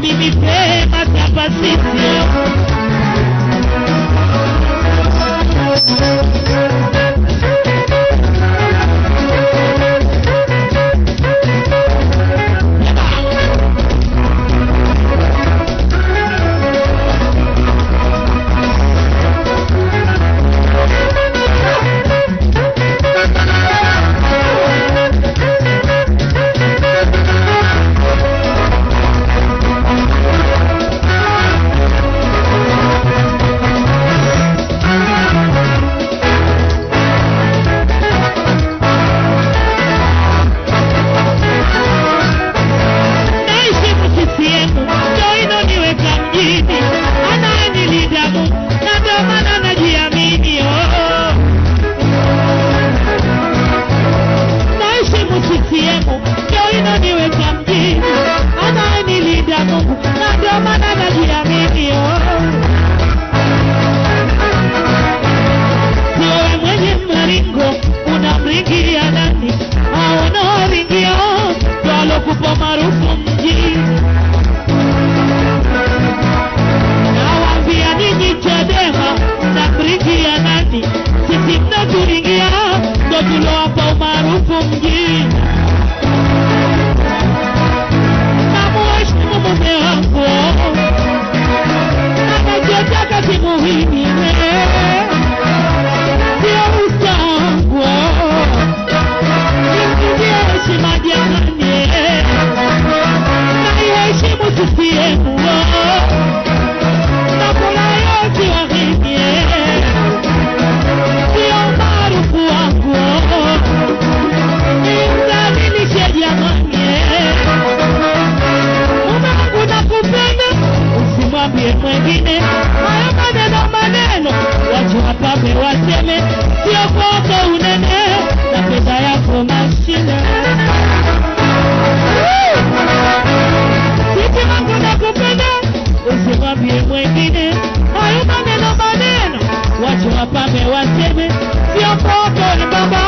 mimi pema tapasisi Quilomba, o na Vamos como branco Nada de ataca de ruim Meu sangue Me cima de amanhã wengine hayomanena maneno watu wapape waseme, sio kwako unene na pesa yako mashine sisi hakuna kupenda, usimwambie mwengine hayomanena maneno watu wapape waseme, sio kwako ni baba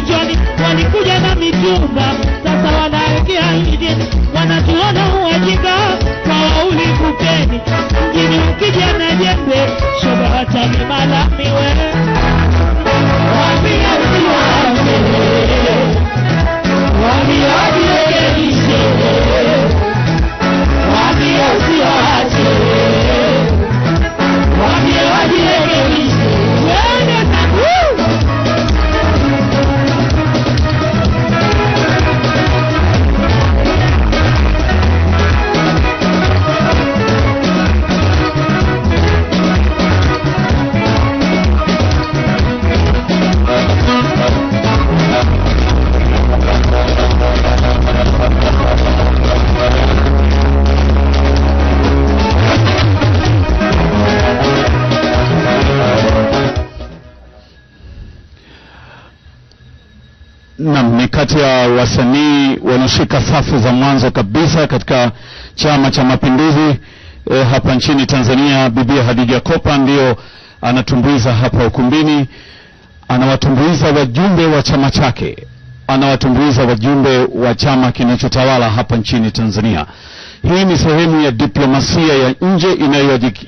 vichwani, walikuja na mitumba, sasa wanawekea hidi, wanatuona uwajinga kwa wauli kupeni Naam, ni kati ya wasanii wanaoshika safu za mwanzo kabisa katika Chama cha Mapinduzi e, hapa nchini Tanzania. Bibi hadija Kopa ndio anatumbuiza hapa ukumbini, anawatumbuiza wajumbe wa chama chake, anawatumbuiza wajumbe wa chama kinachotawala hapa nchini Tanzania. Hii ni sehemu ya diplomasia ya nje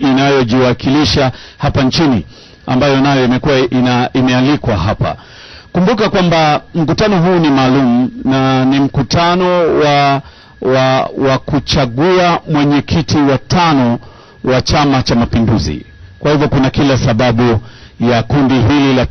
inayojiwakilisha hapa nchini ambayo nayo imekuwa ina, imealikwa hapa Kumbuka kwamba mkutano huu ni maalum na ni mkutano wa, wa, wa kuchagua mwenyekiti wa tano wa Chama cha Mapinduzi. Kwa hivyo kuna kila sababu ya kundi hili la